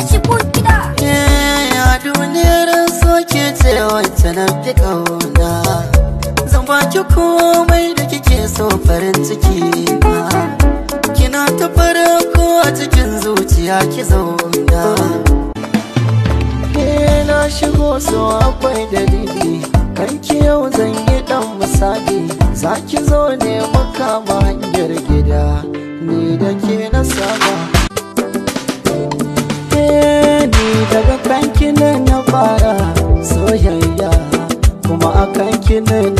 tashi ko gida eh duniyar soke ce wacce na fi kauna zan ki komai da kike so farin ciki na kina ta farko a cikin zuciya ki zauna na shigo so akwai dalili ki yau zan yi dan misali za ki zo ne maka hanyar gida ni da ke na saba kuma akan ne?